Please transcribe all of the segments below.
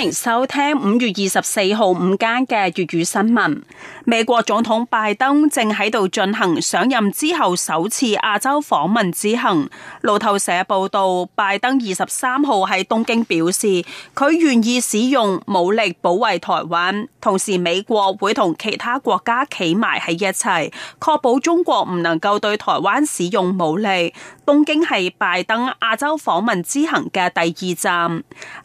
歡迎收聽五月二十四號午間嘅粵語新聞。美國總統拜登正喺度進行上任之後首次亞洲訪問之行。路透社報道，拜登二十三號喺東京表示，佢願意使用武力保衛台灣，同時美國會同其他國家企埋喺一齊，確保中國唔能夠對台灣使用武力。東京係拜登亞洲訪問之行嘅第二站。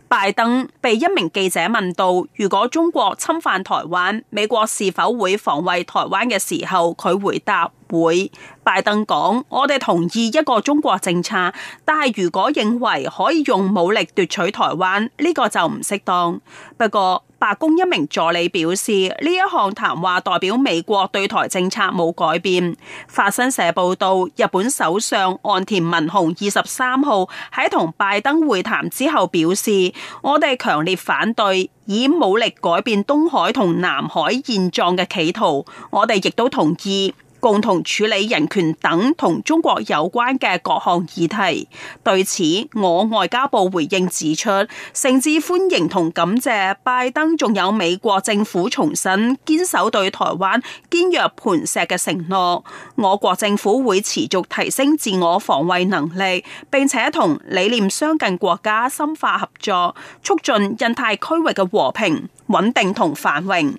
拜登被一名記者問到：如果中國侵犯台灣，美國是否會防衛台灣嘅時候，佢回答，會。拜登講，我哋同意一個中國政策，但係如果認為可以用武力奪取台灣呢個就唔適當。不過白宮一名助理表示，呢一項談話代表美國對台政策冇改變，法新社報道，日本首相岸田文雄二十三號喺同拜登會談之後表示：我哋強烈反對以武力改變東海同南海現狀嘅企圖，我哋亦都同意。共同處理人權等同中國有關嘅各項議題。對此，我外交部回應指出，誠摯歡迎同感謝拜登仲有美國政府重申堅守對台灣堅若磐石嘅承諾。我國政府會持續提升自我防衛能力，並且同理念相近國家深化合作，促進印太區域嘅和平穩定同繁榮。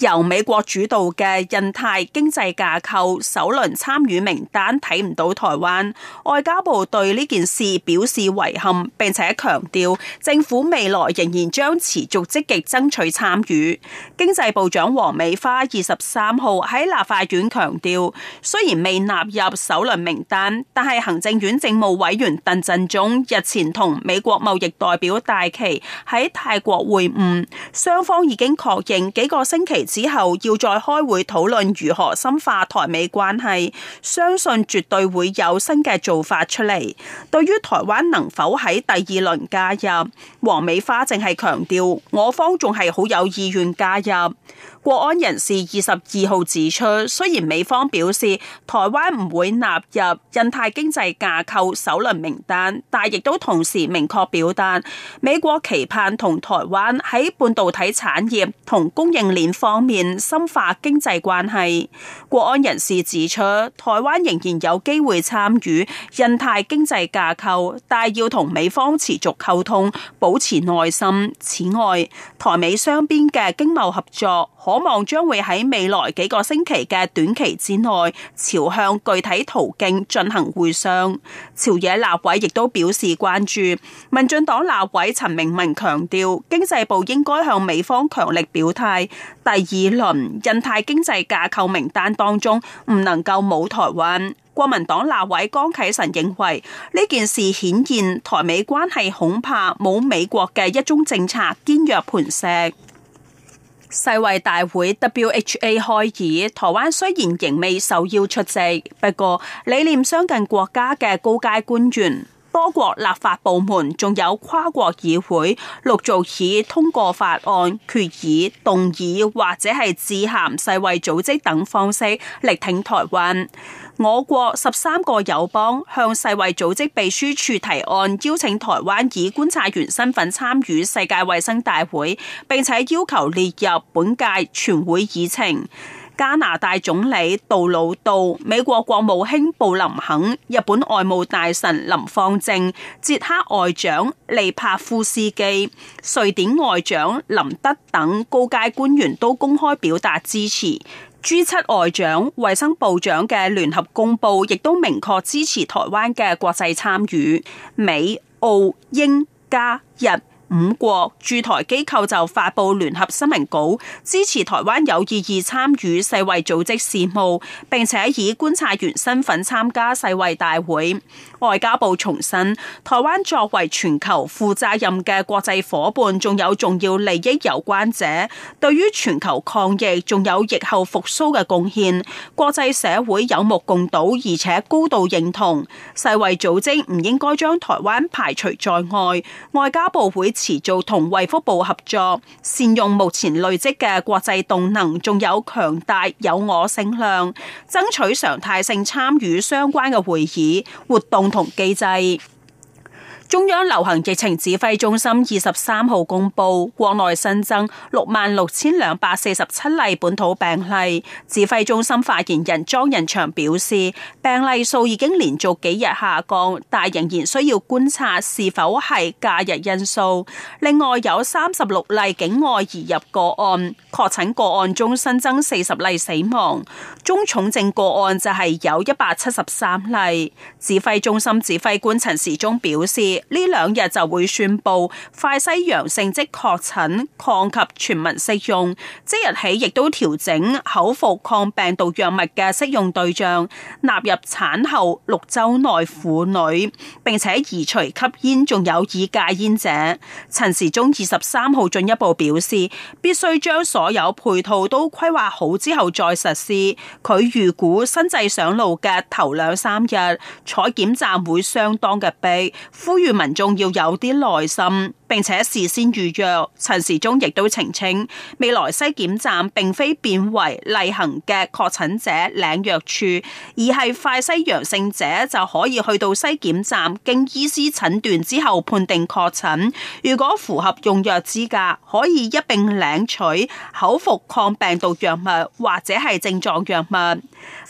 由美國主導嘅印太經濟架構首輪參與名單睇唔到台灣。外交部對呢件事表示遺憾，並且強調政府未來仍然將持續積極爭取參與。經濟部長王美花二十三號喺立法院強調，雖然未納入首輪名單，但係行政院政務委員鄧振中日前同美國貿易代表戴琪喺泰國會晤，雙方已經確認幾個星期。之後要再開會討論如何深化台美關係，相信絕對會有新嘅做法出嚟。對於台灣能否喺第二輪加入，王美花淨係強調，我方仲係好有意願加入。國安人士二十二號指出，雖然美方表示台灣唔會納入印太經濟架構首輪名單，但亦都同時明確表達，美國期盼同台灣喺半導體產業同供應鏈方。方面深化經濟關係，國安人士指出，台灣仍然有機會參與印太經濟架構，但要同美方持續溝通，保持耐心。此外，台美雙邊嘅經貿合作，可望將會喺未來幾個星期嘅短期之內，朝向具體途徑進行會商。朝野立委亦都表示關注，民進黨立委陳明明強調，經濟部應該向美方強力表態。第二輪印太經濟架構名單當中唔能夠冇台灣。國民黨立委江啟臣認為呢件事顯現台美關係恐怕冇美國嘅一中政策堅若磐石。世衛大會 （WHA） 開議，台灣雖然仍未受邀出席，不過理念相近國家嘅高階官員。多國立法部門仲有跨國議會陸續以通過法案、決議、動議或者係致函世衛組織等方式力挺台灣。我國十三個友邦向世衛組織秘書處提案，邀請台灣以觀察員身份參與世界衛生大會，並且要求列入本屆全會議程。加拿大總理杜魯道、美國國務卿布林肯、日本外務大臣林芳正、捷克外長利帕夫斯基、瑞典外長林德等高階官員都公開表達支持。G7 外長、衛生部長嘅聯合公報亦都明確支持台灣嘅國際參與。美、澳、英、加、日。五國駐台機構就發布聯合新聞稿，支持台灣有意義參與世衛組織事務，並且以觀察員身份參加世衛大會。外交部重申，台灣作為全球負責任嘅國際夥伴，仲有重要利益有關者，對於全球抗疫仲有疫後復甦嘅貢獻，國際社會有目共睹，而且高度認同。世衛組織唔應該將台灣排除在外。外交部會持續同衛福部合作，善用目前累積嘅國際動能，仲有強大有我性量，爭取常態性參與相關嘅會議、活動同機制。中央流行疫情指揮中心二十三號公布，國內新增六萬六千兩百四十七例本土病例。指揮中心發言人莊人祥表示，病例數已經連續幾日下降，但仍然需要觀察是否係假日因素。另外有三十六例境外移入個案，確診個案中新增四十例死亡，中重症個案就係有一百七十三例。指揮中心指揮官陳時中表示。呢兩日就會宣布快篩陽性視同確診擴及全民適用，即日起亦都調整口服抗病毒藥物嘅適用對象，納入產後六周內婦女，並且移除吸煙仲有已戒煙者。陳時中二十三號進一步表示，必須將所有配套都規劃好之後再實施。佢預估新制上路嘅頭兩三日採檢站會相當嘅逼，呼籲，對民眾要有啲耐心，並且事先預約。陳時中亦都澄清，未來篩檢站並非變為例行嘅確診者領藥處，而係快篩陽性者就可以去到篩檢站，經醫師診斷之後判定確診。如果符合用藥資格，可以一併領取口服抗病毒藥物或者係症狀藥物。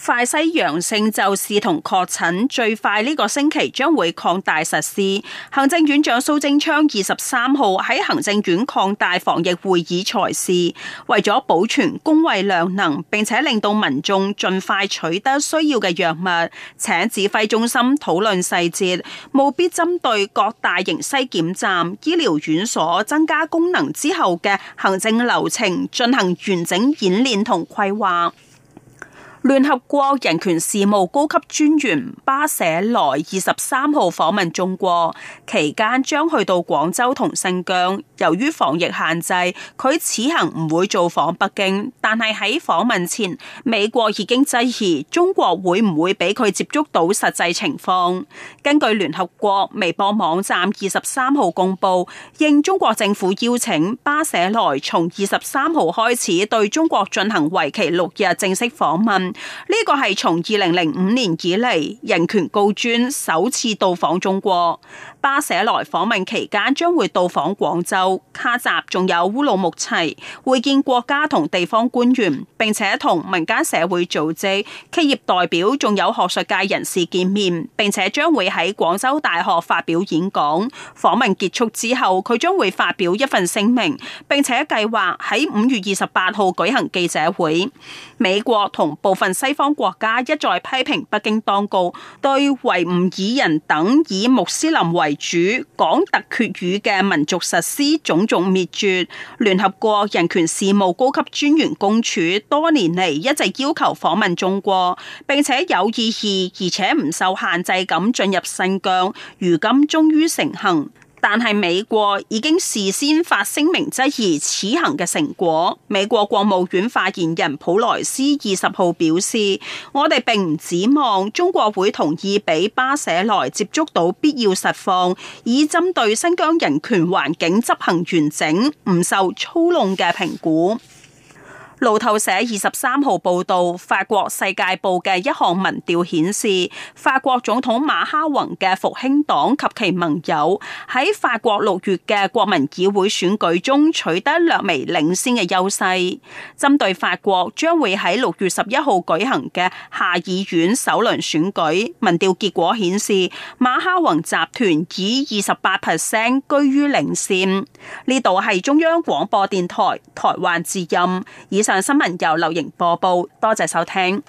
快篩陽性就視同確診，最快呢個星期將會擴大實施。行政院長蘇貞昌二十三號喺行政院擴大防疫會議裁示，為咗保存公衛量能，並且令到民眾盡快取得需要嘅藥物，請指揮中心討論細節，務必針對各大型篩檢站、醫療院所增加功能之後嘅行政流程進行完整演練同規劃。聯合國人權事務高級專員巴舍萊二十三號訪問中國期間，將去到廣州同新疆。由於防疫限制，佢此行唔會造訪北京。但係喺訪問前，美國已經質疑中國會唔會俾佢接觸到實際情況。根據聯合國微博網站二十三號公佈，應中國政府邀請，巴舍萊從二十三號開始對中國進行為期六日正式訪問。呢個係從二零零五年以嚟，人權高專首次到訪中國。巴舍來訪問期間將會到訪廣州、喀什仲有烏魯木齊，會見國家同地方官員，並且同民間社會組織、企業代表仲有學術界人士見面，並且將會喺廣州大學發表演講。訪問結束之後，佢將會發表一份聲明，並且計劃喺五月二十八號舉行記者會。美國同部分。西方國家一再批評北京當局對維吾爾人等以穆斯林為主、講突厥語嘅民族實施種種滅絕。聯合國人權事務高級專員公署多年嚟一直要求訪問中國，並且有意義而且唔受限制咁進入新疆，如今終於成行。但係美國已經事先發聲明質疑此行嘅成果。美國國務院發言人普萊斯二十號表示，我哋並唔指望中國會同意俾巴舍萊接觸到必要實況，以針對新疆人權環境執行完整、唔受操弄嘅評估。路透社二十三號報道，法國世界報嘅一項民調顯示，法國總統馬克宏嘅復興黨及其盟友喺法國六月嘅國民議會選舉中取得略微領先嘅優勢。針對法國將會喺六月十一號舉行嘅下議院首輪選舉，民調結果顯示，馬克宏集團以二十八 percent 居於領先。呢度係中央廣播電台台灣之音以。上新聞由劉盈播報，多謝收聽。